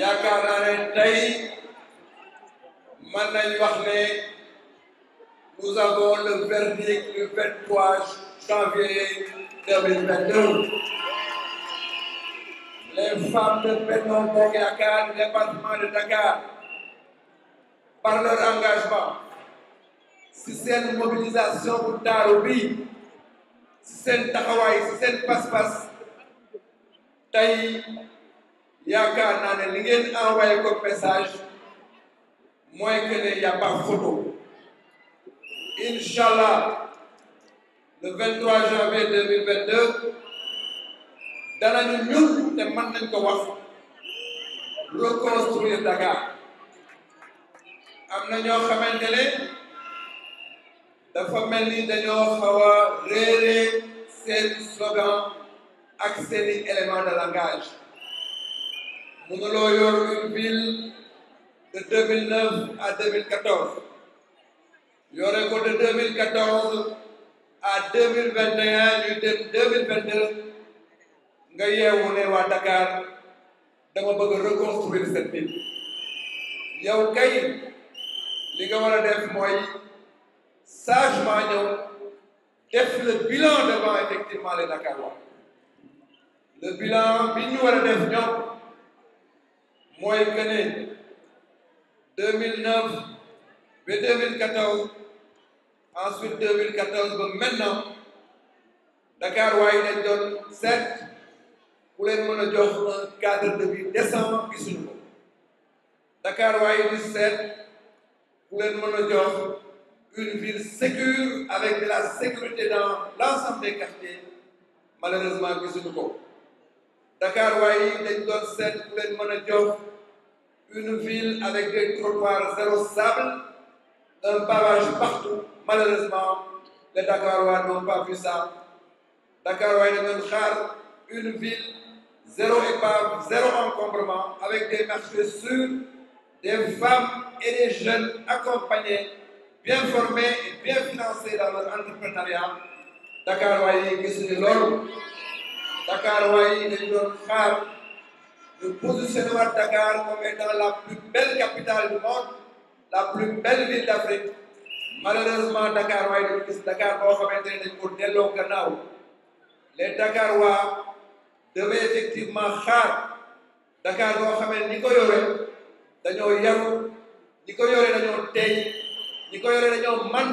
yaakaar naa ne tey mën nañ wax ne nous avons le verdict du 23 janvier 2021 les femmes de Benno Bokk Yaakaar du département de Dakar par leur engagement si seen mobilisation bu taaru bi si seen taxawaay si seen pas-pas tey yaakaar naa ne li ngeen envoyé ko message mooy que ne y a pas photo incha le janvier danañu ñun te mën nañ ko wax reconstruire Dakar am na ñoo xamante ne dafa mel ni dañoo xaw a réeré seen ak seeni élément de langage. mënuloo yor une ville de 2009 à 2014 yore ko de 2014 à 2021 ñu dem 2022 nga yeewu ne waa Dakar dama bëgg a reconstruire cette ville yow kay li nga war a def mooy sagement ñëw def le bilan devant effectivement les Dakarois le bilan bi ñu war a def mooy que ne 2009 ba 2014 ensuite 2014 ba maintenant Dakar waaye dañ doon seet ku leen mën a jox un cadre de vie décent gisuñu ko Dakar waaye di seet ku leen mën a jox une ville sécure avec la sécurité dans l'ensemble des malheureusement gisuñu ko. Dakar waaye yi dañ doon seet ku leen a jox une ville avec des trottoirs zéro sable un barrage partout malheureusement les Dakarois n'ont pas vu ça Dakar waaye dañ doon sûrs des femmes et des jeunes accompagnés bien formés et bien financés dans leur entrepreneuriat Dakar waaye yi gisuñu Dakar waaye yi dañ doon xaar ñu positionné waat Dakar comme étant la plus belle capitale monde la plus belle ville d' malheureusement Dakar waaye dañu gis Dakar boo xamante ne dañ ko delloo gannaaw les Dakar waa devaient effectivement xaar Dakar boo xamee dañoo yaru ñi dañoo tey ñi dañoo man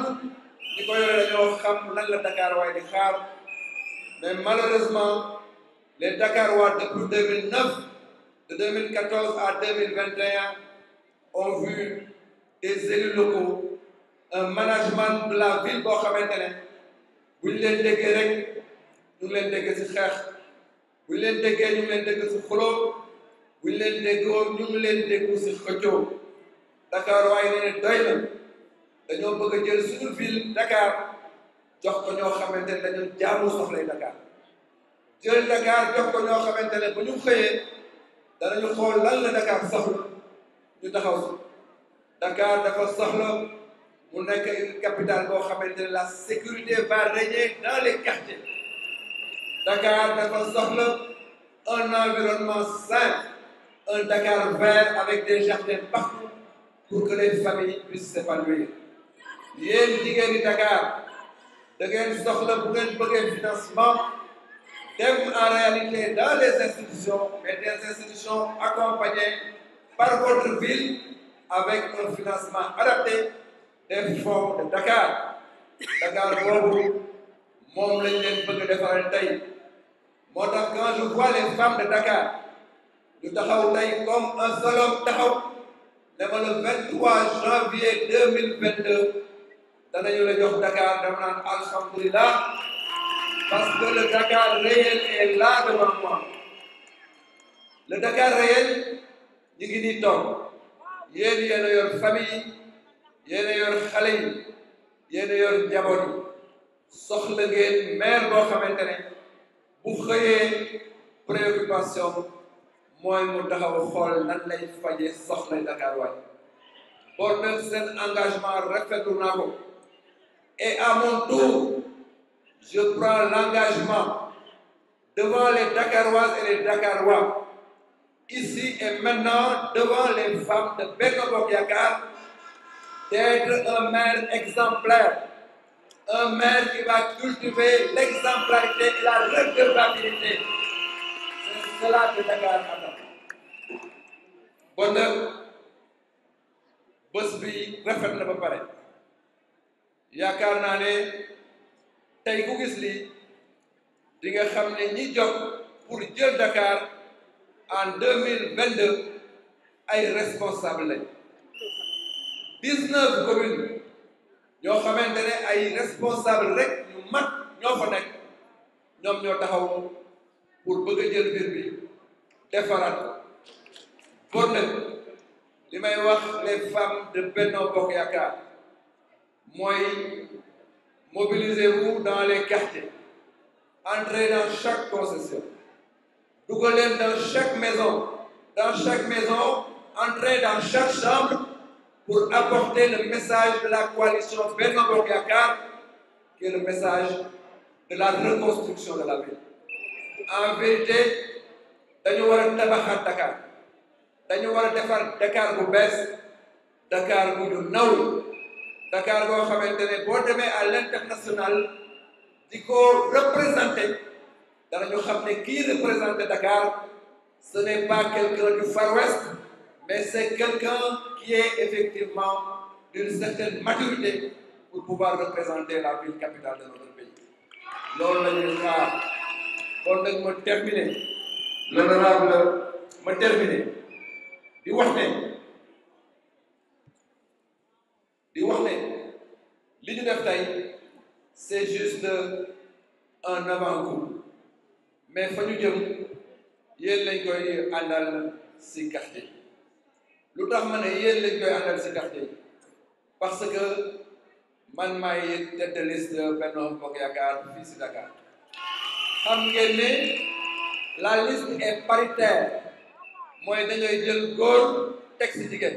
ñi dañoo xam lan la Dakar waaye di xaar mais malheureusement les Dakarois depuis 2009 de 2014 à 2021 ont vu des élus locaux un management de ville boo xamante ne bu leen déggee rek ñu ngi leen déggee ci xeex bu ñu leen déggee ñu leen dégg ci xuloo bu ñu leen Dakar waaye nee ne dañoo bëgg a jël suñu Dakar jox ko ñoo xamante ne dañoo jaamu soxlay Dakar jël Dakar jox ko ñoo xamante ne bu ñu xëyee danañu xool lan la Dakar soxla ñu taxaw si Dakar dafa soxla mu nekk une capitale boo xamante ne la sécurité va régner dans les quartiers Dakar dafa soxla un environnement sain un Dakar vert avec des jardins partout pour que les familles puissent s'épanouir yéen jigéen ñi Dakar da ngeen soxla bu ngeen bëggee financement. dem en réalité dans les institutions, mais des institutions accompagnées par votre ville avec un financement adapté des fonds de Dakar. Dakar boobu moom lañ leen bëgg defaral tey moo tax quand je vois les femmes de Dakar ñu taxaw tey comme un seul homme taxaw ne ma le 23 janvier 2022 danañu la jox Dakar dama naan alhamdulilah. Parce que le Dakar réel est là devant moi. Dakar réel ñu ngi nii toog yéen yéen a yor famille yéen xale yi yéen a yor soxla ngeen maire boo xamante ne bu xëyee préoccupation mooy mu taxaw xool nan lay faje soxla Dakar waay bon nag seen engagement rafetlu naa ko et à tour je prends l'engagement devant les Dakaroises et les Dakarois, ici et maintenant devant les femmes de Benno Bokk Yakaar, d'être un maire exemplaire, un maire qui va cultiver l'exemplarité et la redevabilité. C'est cela que Dakar attend. Bon nag bés bi rafet pare yaakaar naa ne. tey ku gis lii di nga xam ne ñi jot pour jël Dakar en ay responsable lañ dix-neuf communes ñoo xamante ne ay responsable rek mu mat ñoo fa ñoom ñoo taxaw pour bëgg jël mbir bi defaraat ko kon nag li may wax les femmes de Benno Bokk Yaakaar mooy mobilisez-vous dans les quartiers entrez dans chaque concession dugal leen dans chaque maison dans dans chaque chambre pour apporter le message de la coalition Benno Bokk Yakaar qui est le message de la reconstruction de la ville en vérité dañu war a tabaxaat Dakar dañu war a defar Dakar bu dakaar boo xamante ne boo demee à l'international di ko représenter danañu xam ne kii représenter Dakar ce n'est pas quelqu'un du Far West mais c'est quelqu'un qui est effectivement d'une certaine maturité pour pouvoir représenter la ville capitale de notre pays loolu la ñuy xaar kon nag ma terminer l'honorable ma terminer di wax ne di wax ne li ñu def tey c'est juste un avant-goût mais fa ñu jëm yéen lañ koy àndal si quartier lu tax ma ne yéen lañ koy àndal si quartier parce que man maay tête de liste Benno Bokk Yaakaar fii si Dakar xam ngeen la liste est paritaire mooy dañuy jël góor teg si jigéen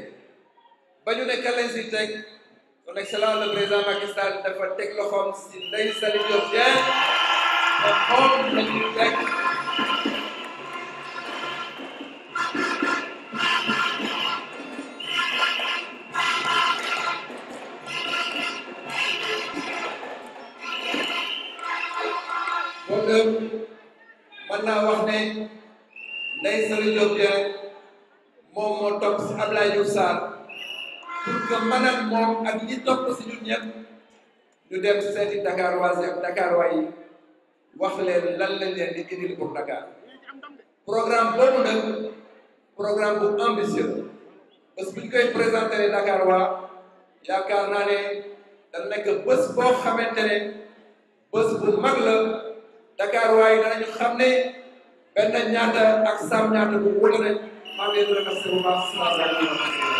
ba ñu ne lañ si teg son excellence le président Macky Sall dafa teg loxoom si Ndeye Saly Diop Dieng te moom la ñu teg moom mën naa wax ne Ndeye Saly Diop Dieng moom moo topp si Abdoulaye Diouf Sarr pour que man ak moom ak ñi topp si ñun ñëpp ñu dem seeti Dakar waa ak Dakar waa yi leen lan leen di indil pour Dakar programme boobu nag programme bu ambitieux parce que bu ñu koy présenté Dakar waa yaakaar naa ne da nekk bés boo xamante ne bés bu mag la Dakar waa yi xam ne benn ñaata ak sam ñaata bu wóor la maa ngi leen di remercier bu baax